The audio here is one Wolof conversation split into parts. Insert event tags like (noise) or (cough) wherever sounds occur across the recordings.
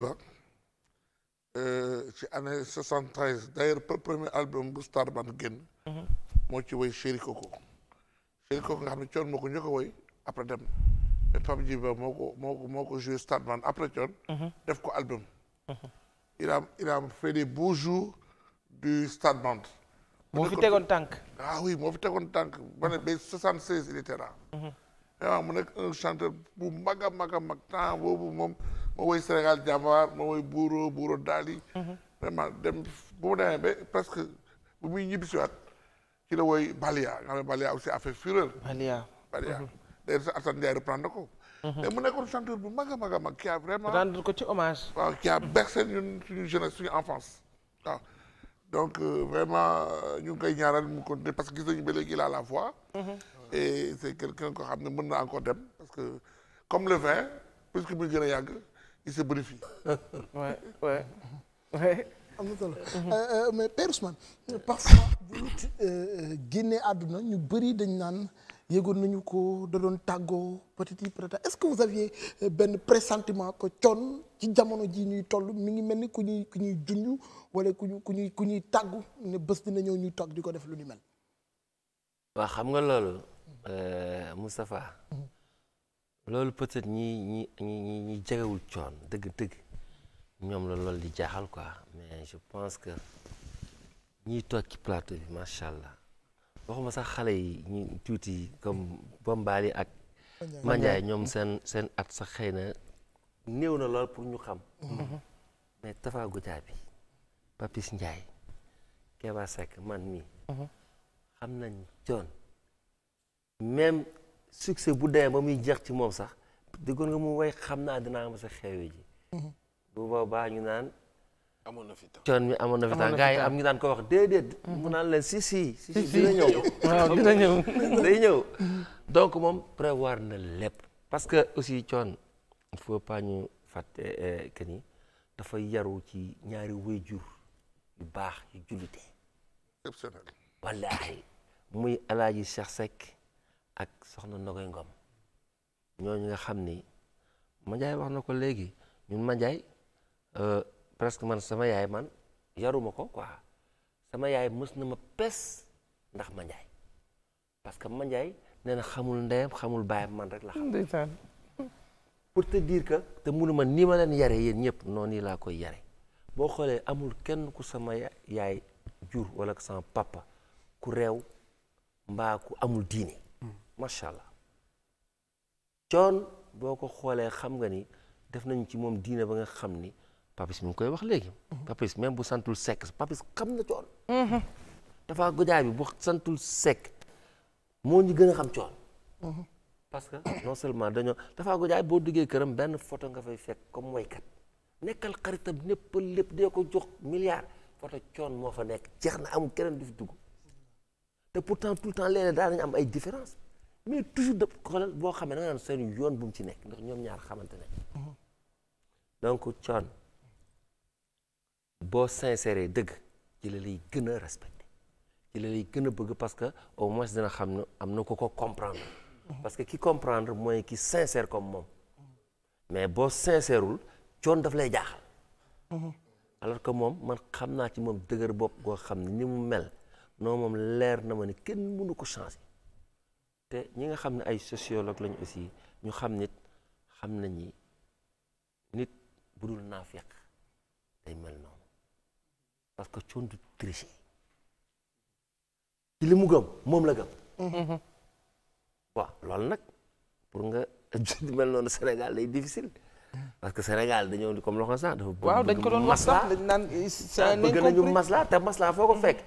la e, ci année soixante treize d'ailleurs premier album bu Star Band génn mhm. moo ci woy Chéri Coco Chéri Coco nga xam ne coon moo ko njëkk a woy après dem mais Pape Djiba moo ko moo moo ko joué Star Band mhm. mhm. a a ah oui moo fi tegoon tànk ba ne ba soixante seize il était là vraiment mu nekk un chanteur bu mag a mag a mag moom moo woy Sénégal jàmbaar moo woy buuro buuro daal yi vraiment dem bu mu demee ba presque bu muy ñibbisiwaat ci la woy Balia nga xam ne Balia aussi a fait fureur Balia Balia mhm. d'ailleurs sa Assane Ndiaye reprendre ko mais mhm. mu nekkoon chanteur bu mag a mag a mag qui a vraiment rendre ko ci hommage waaw qui a bercé ñun suñu jeunesse suñu enfance waaw donc euh, vraiment ñu ngi koy ñaaral mu continuer parce que gis nañu a la voix mhm. et c'est quelqu'un koo xam ne mën na encore dem parce que comme le vin puisque muy il se bonifie. (laughs) ouais ouais ouais. am na solo mhm. euh, euh, mais Père Ousmane parfois bu nit euh, génnee àdduna ñu bëri dañ naan yëgoon nañu ko da doon tàggoo peut-être peut-être ce que vous benn pressentiment que Thione ci jamono ji ñuy toll mi ngi mel ni ku ñuy ku ñuy junj wala ku ñu ku ñuy ku ñuy tàggu ne bés dina ñëw ñuy toog di ko def lu ni mel. waaw xam nga loolu Moustapha. loolu peut-être ñi ñi ñi ñi jegewul coon dëgg-dëgg ñoom la lool di jaaxal quoi mais je pense que ñiy toog ci plateau bi macha allah waxuma sax xale yi ñu tuuti comme Bambaali ak. Mandiaye ñoom seen seen at sax xëy na néew na lool pour ñu xam. Mhm. Mhm. mais Tafa Goudia bi Papis Ndiaye Keba Seck man mi mhm. xam nañ coon même. succès bu dee ba muy jeex ci moom sax déggoon nga mu way xam naa dinaa ma sa xeewee ji. bu boobaa ñu naan. amoon na fi temps coon mi amoon na fi temps gars am ñu daan ko wax déedéet. Mhm. mu naan leen si si si (laughs) (laughs) ñëw. donc moom prévoir na lépp. parce que aussi coon il faut ñu fàtte euh, que ni dafa yaru ci ñaari waajur yu baax yu jullite. exceptionnel. wallaahi muy alaaji Cheikh ak soxna Ndogoy Ngom ñooñu nga xam ni Mandiaye wax na ko léegi ñun Mandiaye euh, presque man sama yaay man yaruma ko quoi sama yaay mës na ma pes ndax Mandiaye parce que Mandiaye nee na xamul ndeyam xamul baayam man rek la xam. pour te diir que te munuma ni ma leen yare yéen ñëpp noonu nii laa koy yare boo xoolee amul kenn ku sama yaay jur wala sama papa ku réew mbaa ku amul diini. macha allah coon boo ko xoolee xam nga ni def nañ ci moom diine ba nga xam ni papis mi ngi koy wax léegi. papis même bu santul sekk papis xam na coon. Mhm. dafa gojaay bi bu santul sekk moo ñu gën a xam coon. Mhm. parce que non seulement dañoo dafaa gojaay boo duggee këram benn photo nga fay fekk comme woykat nekkal xaritam népp lépp dee ko jox milliard photo coon moo fa nekk jeex na am keneen du fi dugg te pourtant tout le temps léeg-léeg daa nañu am ay différence mais toujours de xoolal boo xam ne da nga naan seen yoon bu mu ci nekk ndax ñoom ñaar xamante ne donc coon boo sincère dëgg ci la lay gën a respecté ci la lay gën a bëgg parce que au moins dina xam ne am na ko ko comprendre parce que ki comprendre mooy ki sincère comme moom mais boo sincèreul coon daf lay jaaxal alors que moom man xam naa ci moom dëgër bopp goo xam ne ni mu mel non moom leer na ma ne kenn mënu ko changer te ñi nga xam ne ay sociologue lañu aussi ñu xam nit xam nañ ni nit bu dul naafeq day mel noonu parce que coon ci li mu gëm moom la gëm mm-hmm. waaw loolu nag pour nga (laughs) di mel noonu Sénégal day difficile parce que Sénégal dañoo di comme loxo sax dafa waaw dañ ko doon wax sax dañ naan bëgg nañu maslaa te maslaa foo ko fekk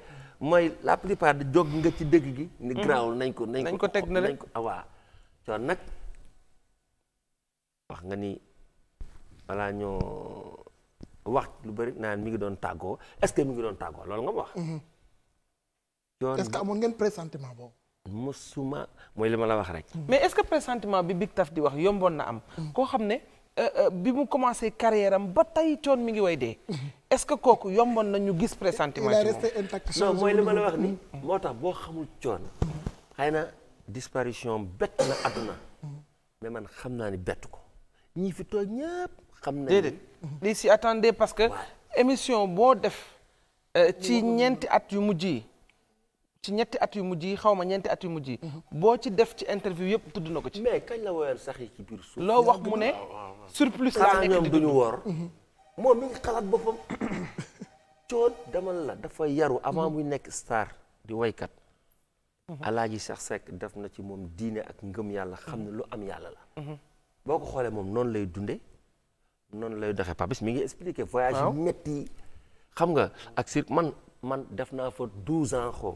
mooy la plupart de jog nga ci dëgg gi. ni mhm. grawul nañ ko nañ ko teg na nañ ko awaa ah, coon nag wax nga ni balaa ñoo wax lu bari naan mi ngi doon tàggoo est-ce que mi ngi doon tàggoo loolu nga ma wax. coon mhm. est-ce que amoon ngeen pressentiment boobu. mosuma mooy li ma la wax rek. mais est-ce que pressentiment bi Big Taf di wax yomboon na am. Mhm. koo xam ne. Euh, euh, bi mu commencé carrière ba tey coon mi ngi way de mhm. est-ce que kooku yomboon na ñu gis pressentiment il a resté intact non mooy li ma la wax ni moo tax boo xamul coon xëy na disparition bett na àdduna mais man xam naa ni bett ko ñii fi toog ñëpp xam nañ déedéet li si attendez parce que émission boo def euh, ci ñeenti at yu mujj yi ci ñetti at yu mujj yi xaw ma ñeenti at yu mujj mhm. boo ci def ci interview yëpp tudd na ko ci. mais kañ la woyal sax yi ci biir suuf. loo wax mu ne ah, ah, ah. surplus laa nekk di duñu woor mhm. moom mi ngi xalaat boppam (coughs) coon demal la dafa yaru avant mhm. muy nekk star di woykat alaaji sax Sekk def na ci moom diine ak ngëm yàlla xam ne lu am yàlla la boo ko xoolee moom noonu lay dunde noonu lay doxee Papis mi ngi expliqué voyage yi metti xam nga ak sir man man def naa fa douze ans xaw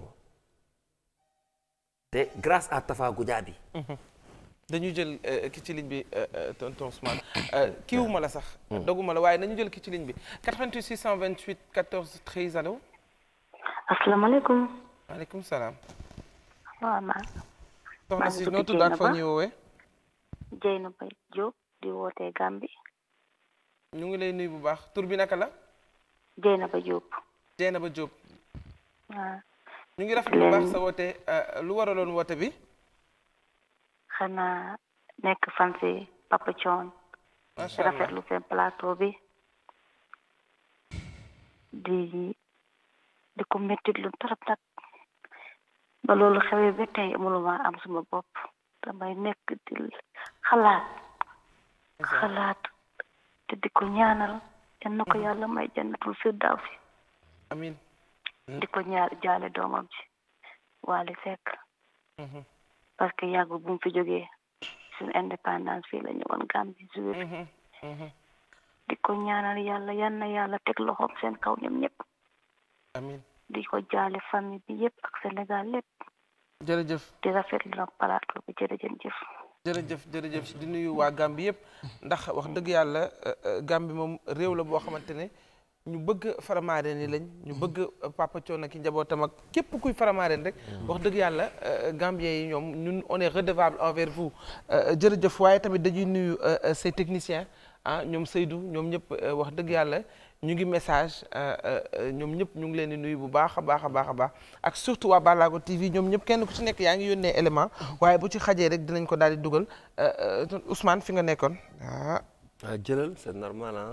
te grâce à Tafa mhm. euh, bi euh, euh, mm. dañu jël ki ci ligne bi tonton Ousmane kiiwuma la sax doguma la waaye dañu jël ki ci ligne bi 88 628 14 13 allo asalaamaaleykum maaleykum salaam waaw ma soxna si noo tudd ak fa ñu woowee Dieynaba Diop di wootee Gambie ñu ngi lay nuyu bu baax tur bi naka la Dieynaba Diop Dieynaba Diop waaw ñu ngi rafetlu bu baax sa woote euh, lu waraloon woote bi. xanaa nekk fan si Papa Thion. macha allah rafetlu seen plateau bi. di di ko méttit lu trop nag. ba loolu xewee ba tey mënuma am suma bopp damay nekk di xalaat. xalaat te di ko ñaanal. yal na ko mm-hmm. yàlla may jannatul firdawsi. amiin. di ko ñaar jaale doomam ci Wally Seck mm-hmm. parce que yàggul bu mu fi jógee suñu indépendance fii la ñëwoon Gambie joué fi mm-hmm. mm-hmm. di ko ñaanal yàlla yan na yàlla teg loxoom seen kaw ñoom ñëpp amiin di ko jaale famille bi yëpp ak Sénégal lépp jërëjëf di rafetlu nag plateau bi jërëjëf jërëjëf jërëjëf di nuyu waa Gambie yëpp ndax wax dëgg yàlla euh, euh, Gambie moom réew la boo xamante ne ñu bëgg faramaareen yi lañ ñu bëgg papa Thione ki njabootam ak képp kuy faramaareen rek mm. wax dëgg yàlla euh, gambien yi ñoom ñun on est redevable envers vous euh, jërëjëf waaye tamit dañuy nuyu euh, ces technicien ah ñoom Seydou ñoom ñëpp wax dëgg yàlla ñu ngi message ñoom ñëpp ñu ngi leen di nuyu bu baax a baax a baax a baax ak surtout waa Ballago TV ñoom ñëpp kenn ku ci nekk yaa ngi yónnee élément mm. waaye bu ci xajee rek dinañ ko daal di dugal Ousmane fi nga nekkoon ah jëlal c'est